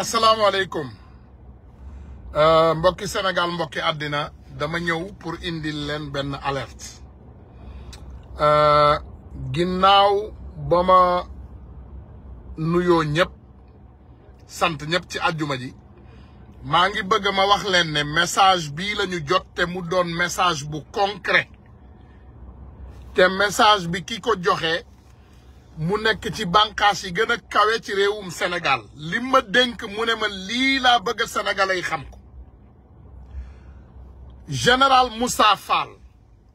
asalaamaaleykum euh, mbokki senegal mbokki àddina dama ñëw pour indil leen benn alerte euh, ginnaaw ba ma nuyoo ñëpp sant ñëpp ci àjjuma ji maa ngi bëgg ma wax leen ne message bii la ñu jot te mu doon message bu concret te message bi ki ko joxe mu nekk ci bànqaas yi gën a kawe ci réewum senegal li ma dénk mu ne ma lii laa bëgg sénégalais yi xam ko général Moussa Fall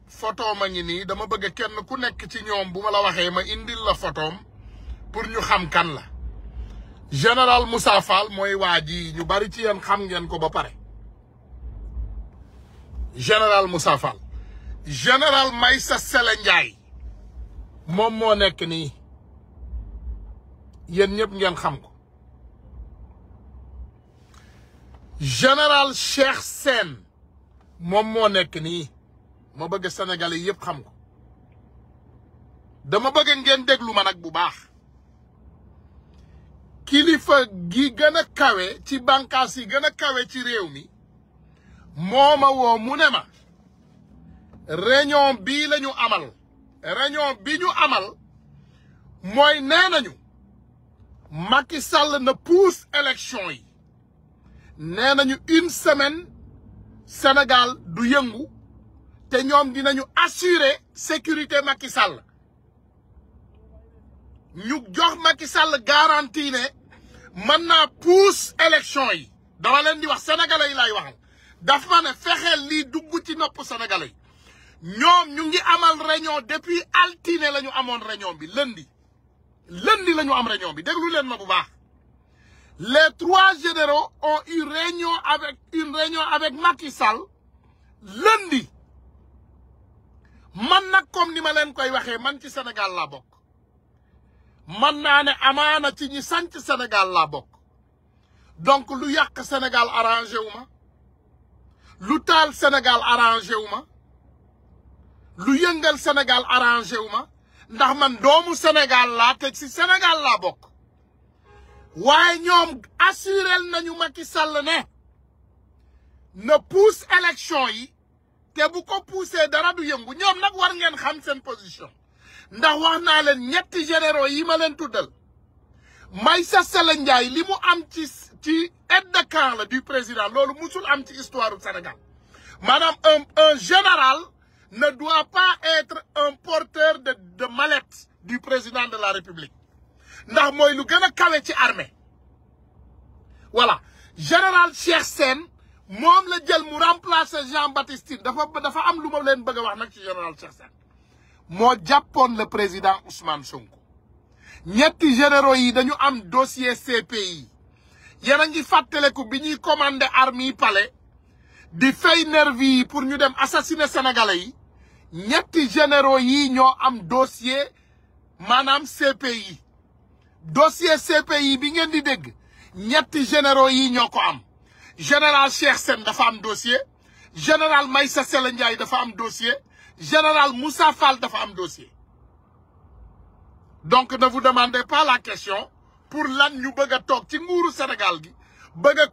photo ma ngi nii dama bëgg kenn ku nekk ci ñoom bu ma la waxee ma indil la photoom pour ñu xam kan la général Moussa Fall mooy waa ji ñu bari ci yéen xam ngeen ko ba pare général Moussa Fall général Maysa Sele Ndiaye moom moo nekk nii yen ñep ngeen xam ko général Cheikh sen mom mo nek ni ma bëgg Sénégalais yëpp xam ko dama bëgg ngeen déglu ma nak bu baax kilifa gi gëna kawé kawe ci bànqaas yi gën kawe ci réew mi moma wo munema réunion bi la amal réunion bi ñu amal moy nenañu Macky Sall na pousse élection yi nee nañu une semaine senegal du yëngu te ñoom dinañu assurer sécurité Macky Sall ñu jox Macky Sall garantie ne mën naa pousse élection yi dama leen di wax sénégalais yi laay waxal dafa ne fexeel lii dugg ci nopp sénégalais yi ñoom ñu ngi amal réunion depuis altine la ñu amoon réunion bi lëndi lundi la ñu am réunion bi déglu len ma bu baax les trois généraux ont eu réunion avec une réunion avec Macky Sall lundi man nag comme ni ma len koy waxe man ci Sénégal la bok. man naa ne amaana ci ñi sanc Sénégal la bok donc lu yak Sénégal arrangé ou ma lu tal Sénégal arrangé ou ma lu yëngal Sénégal arrangé ou ma ndax man doomu Sénégal la tek ci Sénégal la bok waaye ñom assurel nañu Macky Sall ne na pousse élection yi te bu ko pousser dara du yëngu ñom nak war ngeen xam sen position ndax wax naa leen ñetti généraux yi ma leen tuddal Maïssa Sele Ndiaye li limu am ci ci aide de camp la du président lolu musul am ci histoire du Sénégal maanaam un un général ne doit pas être un porteur de du président de la république ndax avons lu le cas armée voilà général Cheikh Sen, de la jël Jean Baptiste dafa am le leen général Cheikh le président Ousmane Sonko ñetti généraux yi dañu am dossier CPI Y a ngi commandé palais nervi pour ñu dem assassiner sénégalais yi ñetti généraux am dossier Manam CPI dossier CPI bi ngeen di dégg ñetti généraux yi ñoo général Cheikh Sen dafa am dossier général Maïssa Sella de dafa am dossier général Moussa Fall dafa am dossier donc ne vous demandez pas la question pour lan ñu bëgg a toog ci nguuru Sénégal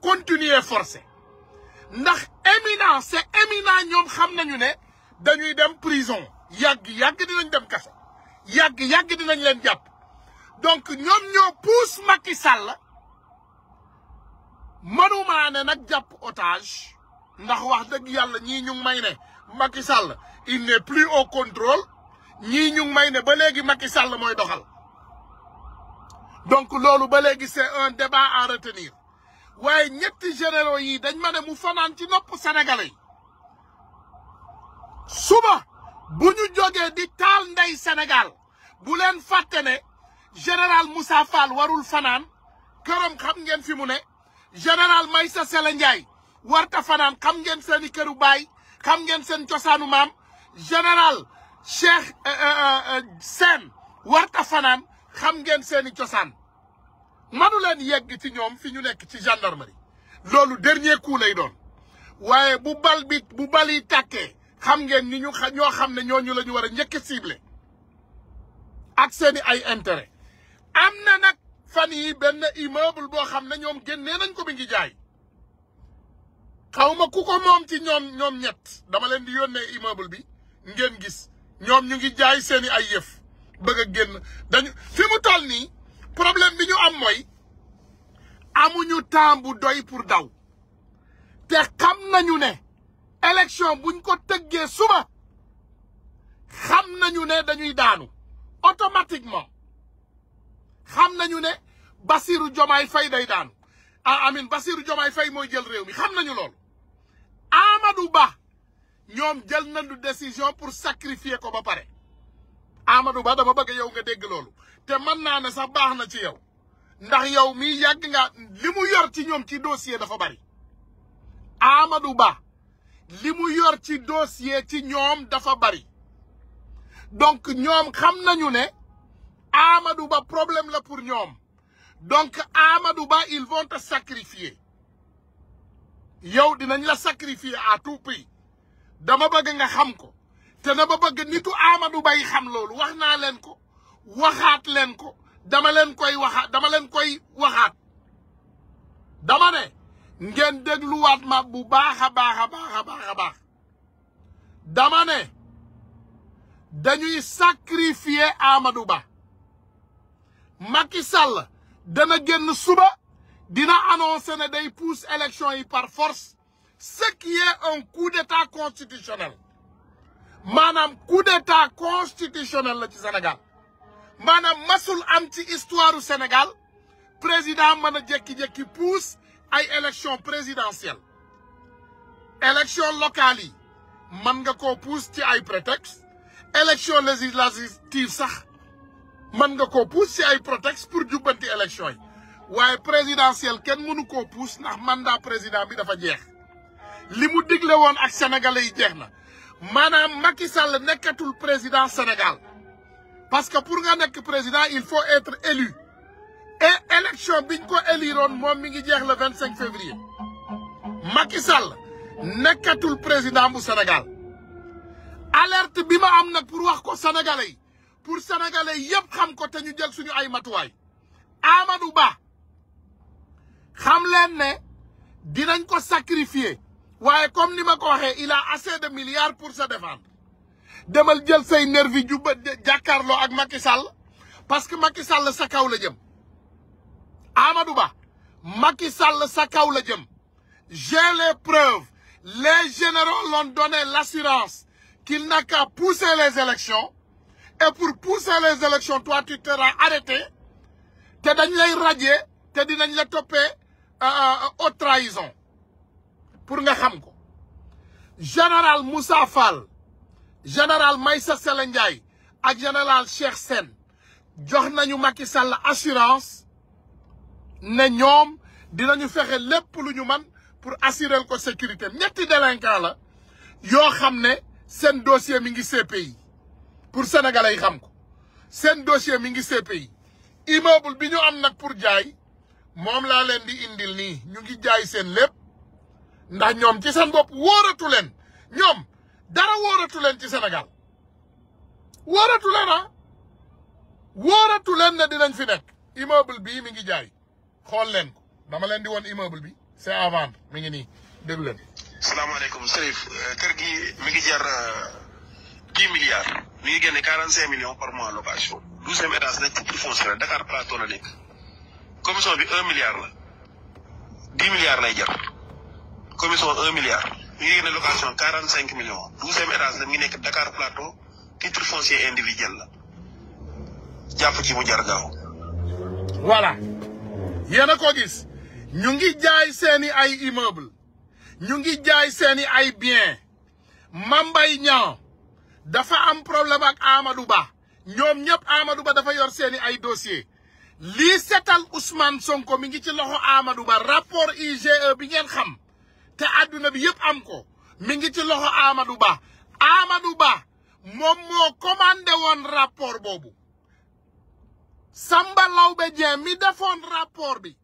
continuer forcer ndax éminent c'est éminent ñoom xam nañu nous dañuy dem prison yàgg sont dinañ dem yàgg yàgg dinañ leen jàpp donc ñoom ñoo pousse Macky Sall mënumaa ne nag jàpp otage ndax wax dëgg yàlla ñii ñu ngi may ne Macky Sall il n'est plus au contrôle ñii ñu may ne ba léegi Macky Sall mooy doxal donc loolu ba léegi un débat à retenir waaye ñetti généraux yi dañ ma ne mu fanaan ci nopp sénégalais suba bu ñu jógee di taal ndey Sénégal bu leen fàtte ne général Moussa Fall warul fanaan këram xam ngeen fi mu ne général Maysa Sele Ndiaye warta fanaan xam ngeen seen i këru baay xam ngeen seen cosaanu maam général Cheikh euh, euh, euh, Sène warta fanaan xam ngeen seen cosaan manu leen yegg ci ñoom fi ñu nekk ci gendarmerie loolu dernier ku lay doon waaye bu bal bi bu bal yi tàkkee xam ngeen ni ñu ñoo xam ne ñooñu la ñu war a njëkk a seeni ay intérêt am na nag fan yi benn immeuble boo xam ne ñoom génnee nañ ko mi ngi jaay xaw ma ku ko moom ci ñoom ñoom ñett dama leen di yónnee immeuble bi ngeen gis ñoom ñu ngi jaay seeni ay yëf ba a génn dañu fi mu toll nii problème bi ñu am mooy amuñu temps bu doy pour daw te xam nañu ne élection buñ ko tëggee suba xam nañu ne dañuy daanu automatiquement xam nañu ne Bassirou Diomaye Faye day daanu ah amin Bassirou Diomaye Faye mooy jël réew mi xam nañu loolu Amadou Ba ñoom jël nañu décision pour sacrifier ko ba pare Amadou Ba dama bëgg yow nga dégg loolu te mën naa ne sax baax na ci yow ndax yow mi yàgg nga li mu yor ci ñoom ci dossier dafa bari Amadou Ba li mu yor ci dossier ci ñoom dafa bari donc ñoom xam nañu ne aamadu Ba problème la pour ñoom donc Amadou Ba ils vont te sacrifier yow dinañ la sacrifier à tout prix dama bëgg nga xam ko te na ba bëgg nitu Amadou Ba yi xam loolu wax naa leen ko waxaat leen ko dama leen koy waxaat dama leen koy waxaat dama ne ngeen dégluwaat ma bu baax a baax a baax baax dama ne dañuy sacrifier Amadou Ba Macky Sall dana génn suba dina annoncer ne day pousse élection yi par force ce qui est un coup maanaam coup d'état constitutionnel la ci Sénégal maanaam masul am ci histoire u Sénégal président mën a jékki-jékki pousse ay élection présidentielle élection locale yi mën nga koo pousse ci ay prétexte élection législative sax un nga ko pousse ay prétexte pour djubanti élection yi La présidentielle kenn mënu koo pousse ndax mandat président bi dafa jeex li mu digle ak sénégalais yi que na Macky Sall le président Sénégal parce que pour être le président il faut être élu et l'élection biñ ko éliroon moom mi ngi le 25 février Macky Sall le président du Sénégal alerte bi ma am nag pour wax ko sénégalais pour sénégalais yëpp xam ko te ñu jël suñu ay matuwaay Amadou Ba xam leen ne dinañ ko sacrifier waaye comme ni ma ko waxee il a assez de milliards pour sa défendre demal jël say nervi ju ba jàkkaarloo ak Macky Sall parce que Macky Sall sa kaw la jëm Amadou Ba Sall sa kaw la jëm j'ai les preuves les généraux l'ont donné l'assurance qu'il n'a qu'à pousser les élections et pour pousser les élections toi tu te rends arrêté te dañ lay radier tu dinañ la toper euh, euh, aux trahison pour nga xam ko général Moussa Fall général Maïssa Sele Ndiaye général Cheikh Sen, nous avons Macky Sall assurance ne fait dinañu fexe lépp pour assurer la sécurité ñetti délinquant la yoo xam sen dossier mingi ngi CPI pour sénégalais xam ko sen dossier mingi ngi CPI immeuble bi ñu am nak pour jaay mom la leen di indil ni ñu ngi jaay sen lepp ndax ñom ci sen bop woratu leen ñom dara woratu leen ci Sénégal woratu leen ah woratu leen ne dinañ fi nek immeuble bi mi ngi jaay xol leen ko dama leen di won immeuble bi c'est à vendre mi ngi nii déglu leen salaamaaleykum Serif euh, kër gi mi ngi jar euh, dix milliards mi ngi génne quarante cinq million par mois location douzième étage nekk titre foncier Dakar Plateau la nekk commission bi un milliard la dix milliards lay jar commission un milliard mi ngi génne location quarante cinq million douzième étage la mi ngi nekk Dakar Plateau titre foncier individuel la jàpp ci mu jar a gis ñu ngi seeni ay immeuble ñu ngi jaay seeni ay bien Mambay Niang dafa am problème ak Amadou Ba ñoom ñëpp aamadu Ba dafa yor seeni ay dossier lii setal Ousmane Sonko mi ngi ci loxo Amadou Ba rapport IGE bi ngeen xam te àdduna bi yëpp am ko mi ngi ci loxo Amadou Ba aamadu Ba moom moo commandé woon rapport boobu Samba Lawbe Dieng mi defoon rapport bi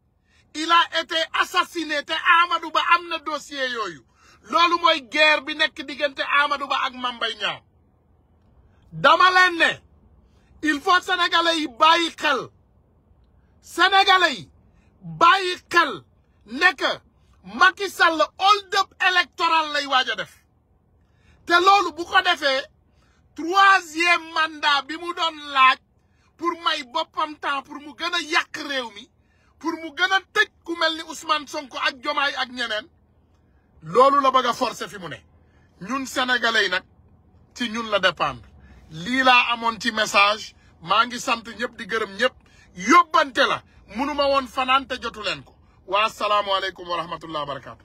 il a été assassiné te Amadou Ba am na dossier yooyu loolu mooy guerre bi nekk diggante Amadou Ba ak Mame Mbaye Niang dama leen il faut sénégalais yi bàyyi xel sénégalais yi bàyyi xel nekk Macky Sall hold up lay waaja def te loolu bu ko defee troisième mandaa bi mu doon laaj pour may boppam temps pour mu gën a yàq réew mi pour mu gën a tëj ku mel ni Ousmane Sonko ak Jomaay ak ñeneen loolu la bëgg a forcer fi mu ne ñun sénégalais yi nag ci ñun la dépendre lii laa amoon ci message maa ngi sant ñëpp di gërëm ñëpp yóbbante la mënuma woon fanaan te jotu leen ko waa salaamualeykum wa rahmatullah wa barakaatu.